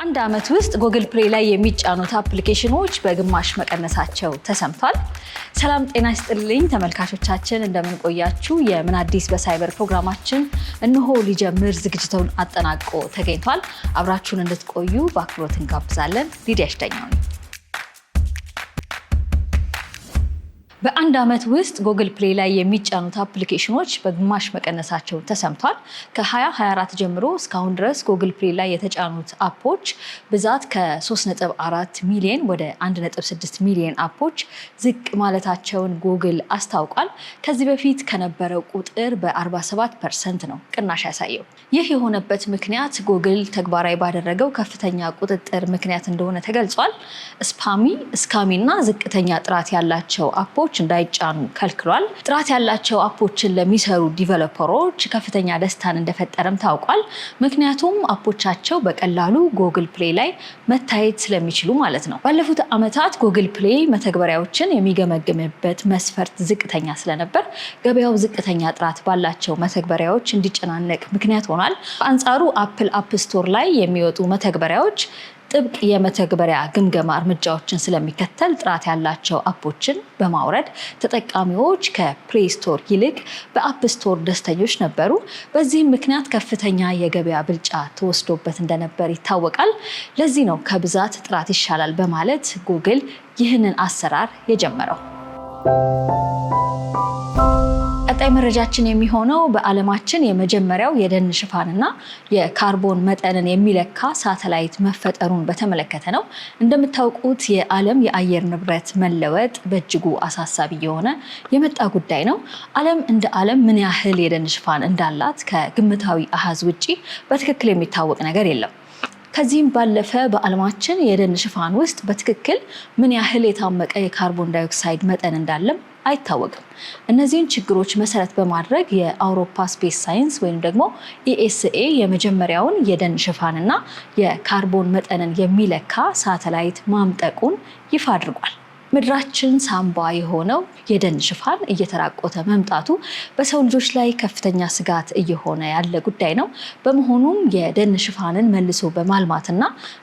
በአንድ ዓመት ውስጥ ጎግል ፕሌይ ላይ የሚጫኑት አፕሊኬሽኖች በግማሽ መቀነሳቸው ተሰምቷል። ሰላም ጤና ይስጥልኝ ተመልካቾቻችን፣ እንደምንቆያችሁ የምን አዲስ በሳይበር ፕሮግራማችን እነሆ ሊጀምር ዝግጅቱን አጠናቆ ተገኝቷል። አብራችሁን እንድትቆዩ በአክብሮት እንጋብዛለን። ሊዲያ ሽደኛው በአንድ ዓመት ውስጥ ጎግል ፕሌይ ላይ የሚጫኑት አፕሊኬሽኖች በግማሽ መቀነሳቸው ተሰምቷል። ከ2024 ጀምሮ እስካሁን ድረስ ጎግል ፕሌይ ላይ የተጫኑት አፖች ብዛት ከ3.4 ሚሊዮን ወደ 1.6 ሚሊዮን አፖች ዝቅ ማለታቸውን ጎግል አስታውቋል። ከዚህ በፊት ከነበረው ቁጥር በ47 ፐርሰንት ነው ቅናሽ ያሳየው። ይህ የሆነበት ምክንያት ጎግል ተግባራዊ ባደረገው ከፍተኛ ቁጥጥር ምክንያት እንደሆነ ተገልጿል። ስፓሚ፣ ስካሚ እና ዝቅተኛ ጥራት ያላቸው አፖች አፖች እንዳይጫኑ ከልክሏል። ጥራት ያላቸው አፖችን ለሚሰሩ ዲቨሎፐሮች ከፍተኛ ደስታን እንደፈጠረም ታውቋል። ምክንያቱም አፖቻቸው በቀላሉ ጎግል ፕሌይ ላይ መታየት ስለሚችሉ ማለት ነው። ባለፉት ዓመታት ጎግል ፕሌይ መተግበሪያዎችን የሚገመግምበት መስፈርት ዝቅተኛ ስለነበር ገበያው ዝቅተኛ ጥራት ባላቸው መተግበሪያዎች እንዲጨናነቅ ምክንያት ሆኗል። በአንጻሩ አፕል አፕ ስቶር ላይ የሚወጡ መተግበሪያዎች ጥብቅ የመተግበሪያ ግምገማ እርምጃዎችን ስለሚከተል ጥራት ያላቸው አፖችን በማውረድ ተጠቃሚዎች ከፕሌይ ስቶር ይልቅ በአፕ ስቶር ደስተኞች ነበሩ። በዚህም ምክንያት ከፍተኛ የገበያ ብልጫ ተወስዶበት እንደነበር ይታወቃል። ለዚህ ነው ከብዛት ጥራት ይሻላል በማለት ጉግል ይህንን አሰራር የጀመረው። ቀጣይ መረጃችን የሚሆነው በዓለማችን የመጀመሪያው የደን ሽፋንና የካርቦን መጠንን የሚለካ ሳተላይት መፈጠሩን በተመለከተ ነው። እንደምታውቁት የዓለም የአየር ንብረት መለወጥ በእጅጉ አሳሳቢ የሆነ የመጣ ጉዳይ ነው። ዓለም እንደ ዓለም ምን ያህል የደን ሽፋን እንዳላት ከግምታዊ አሃዝ ውጪ በትክክል የሚታወቅ ነገር የለም። ከዚህም ባለፈ በዓለማችን የደን ሽፋን ውስጥ በትክክል ምን ያህል የታመቀ የካርቦን ዳይኦክሳይድ መጠን እንዳለም አይታወቅም። እነዚህን ችግሮች መሰረት በማድረግ የአውሮፓ ስፔስ ሳይንስ ወይም ደግሞ ኢኤስኤ e የመጀመሪያውን የደን ሽፋንና የካርቦን መጠንን የሚለካ ሳተላይት ማምጠቁን ይፋ አድርጓል። ምድራችን ሳምባ የሆነው የደን ሽፋን እየተራቆተ መምጣቱ በሰው ልጆች ላይ ከፍተኛ ስጋት እየሆነ ያለ ጉዳይ ነው። በመሆኑም የደን ሽፋንን መልሶ በማልማትና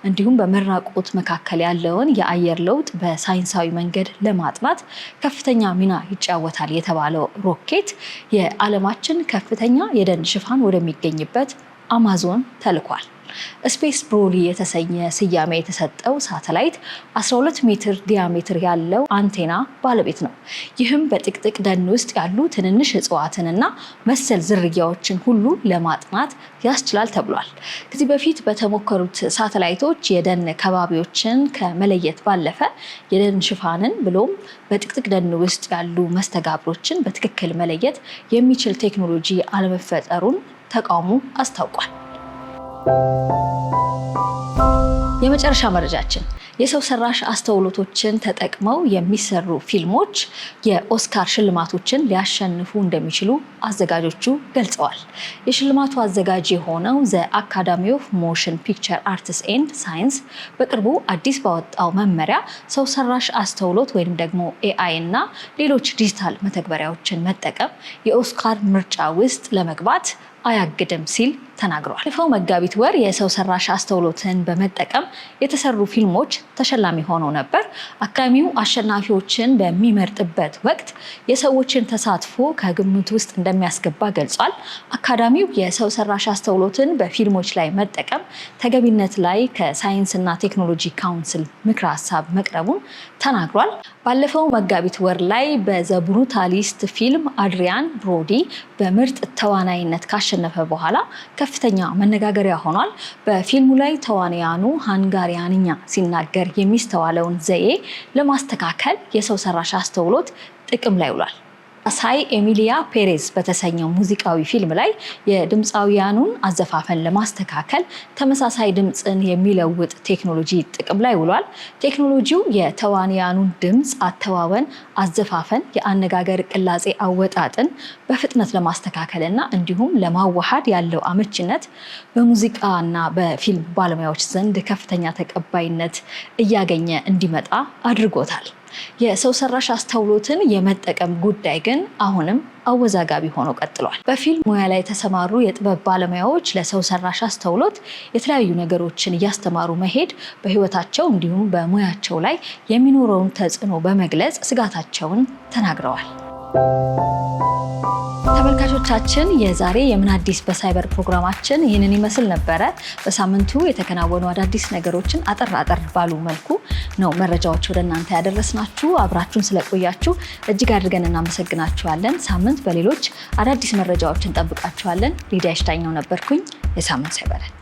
እንዲሁም በመራቆት መካከል ያለውን የአየር ለውጥ በሳይንሳዊ መንገድ ለማጥናት ከፍተኛ ሚና ይጫወታል የተባለው ሮኬት የዓለማችን ከፍተኛ የደን ሽፋን ወደሚገኝበት አማዞን ተልኳል። ስፔስ ብሮሊ የተሰኘ ስያሜ የተሰጠው ሳተላይት 12 ሜትር ዲያሜትር ያለው አንቴና ባለቤት ነው። ይህም በጥቅጥቅ ደን ውስጥ ያሉ ትንንሽ እጽዋትንና መሰል ዝርያዎችን ሁሉ ለማጥናት ያስችላል ተብሏል። ከዚህ በፊት በተሞከሩት ሳተላይቶች የደን ከባቢዎችን ከመለየት ባለፈ የደን ሽፋንን ብሎም በጥቅጥቅ ደን ውስጥ ያሉ መስተጋብሮችን በትክክል መለየት የሚችል ቴክኖሎጂ አለመፈጠሩን ተቋሙ አስታውቋል። የመጨረሻ መረጃችን የሰው ሰራሽ አስተውሎቶችን ተጠቅመው የሚሰሩ ፊልሞች የኦስካር ሽልማቶችን ሊያሸንፉ እንደሚችሉ አዘጋጆቹ ገልጸዋል። የሽልማቱ አዘጋጅ የሆነው ዘ አካዳሚ ኦፍ ሞሽን ፒክቸር አርትስ ኤንድ ሳይንስ በቅርቡ አዲስ ባወጣው መመሪያ ሰው ሰራሽ አስተውሎት ወይም ደግሞ ኤአይ እና ሌሎች ዲጂታል መተግበሪያዎችን መጠቀም የኦስካር ምርጫ ውስጥ ለመግባት አያግድም ሲል ተናግሯል። ባለፈው መጋቢት ወር የሰው ሰራሽ አስተውሎትን በመጠቀም የተሰሩ ፊልሞች ተሸላሚ ሆነው ነበር። አካዳሚው አሸናፊዎችን በሚመርጥበት ወቅት የሰዎችን ተሳትፎ ከግምት ውስጥ እንደሚያስገባ ገልጿል። አካዳሚው የሰው ሰራሽ አስተውሎትን በፊልሞች ላይ መጠቀም ተገቢነት ላይ ከሳይንስና ቴክኖሎጂ ካውንስል ምክረ ሀሳብ መቅረቡን ተናግሯል። ባለፈው መጋቢት ወር ላይ በዘ ብሩታሊስት ፊልም አድሪያን ብሮዲ በምርጥ ተዋናይነት ካሸ ካሸነፈ በኋላ ከፍተኛ መነጋገሪያ ሆኗል። በፊልሙ ላይ ተዋንያኑ ሃንጋሪያንኛ ሲናገር የሚስተዋለውን ዘዬ ለማስተካከል የሰው ሰራሽ አስተውሎት ጥቅም ላይ ውሏል። ሳይ ኤሚሊያ ፔሬዝ በተሰኘው ሙዚቃዊ ፊልም ላይ የድምፃውያኑን አዘፋፈን ለማስተካከል ተመሳሳይ ድምፅን የሚለውጥ ቴክኖሎጂ ጥቅም ላይ ውሏል። ቴክኖሎጂው የተዋንያኑን ድምፅ አተዋወን፣ አዘፋፈን፣ የአነጋገር ቅላጼ አወጣጥን በፍጥነት ለማስተካከልና እንዲሁም ለማዋሃድ ያለው አመችነት በሙዚቃና በፊልም ባለሙያዎች ዘንድ ከፍተኛ ተቀባይነት እያገኘ እንዲመጣ አድርጎታል። የሰው ሰራሽ አስተውሎትን የመጠቀም ጉዳይ ግን አሁንም አወዛጋቢ ሆኖ ቀጥሏል። በፊልም ሙያ ላይ የተሰማሩ የጥበብ ባለሙያዎች ለሰው ሰራሽ አስተውሎት የተለያዩ ነገሮችን እያስተማሩ መሄድ በሕይወታቸው እንዲሁም በሙያቸው ላይ የሚኖረውን ተጽዕኖ በመግለጽ ስጋታቸውን ተናግረዋል። ተመልካቾቻችን የዛሬ የምን አዲስ በሳይበር ፕሮግራማችን ይህንን ይመስል ነበረ። በሳምንቱ የተከናወኑ አዳዲስ ነገሮችን አጠር አጠር ባሉ መልኩ ነው መረጃዎች ወደ እናንተ ያደረስናችሁ። አብራችሁን ስለቆያችሁ እጅግ አድርገን እናመሰግናችኋለን። ሳምንት በሌሎች አዳዲስ መረጃዎች እንጠብቃችኋለን። ሊዲያ ሽታኛው ነበርኩኝ። የሳምንት ሳይበረን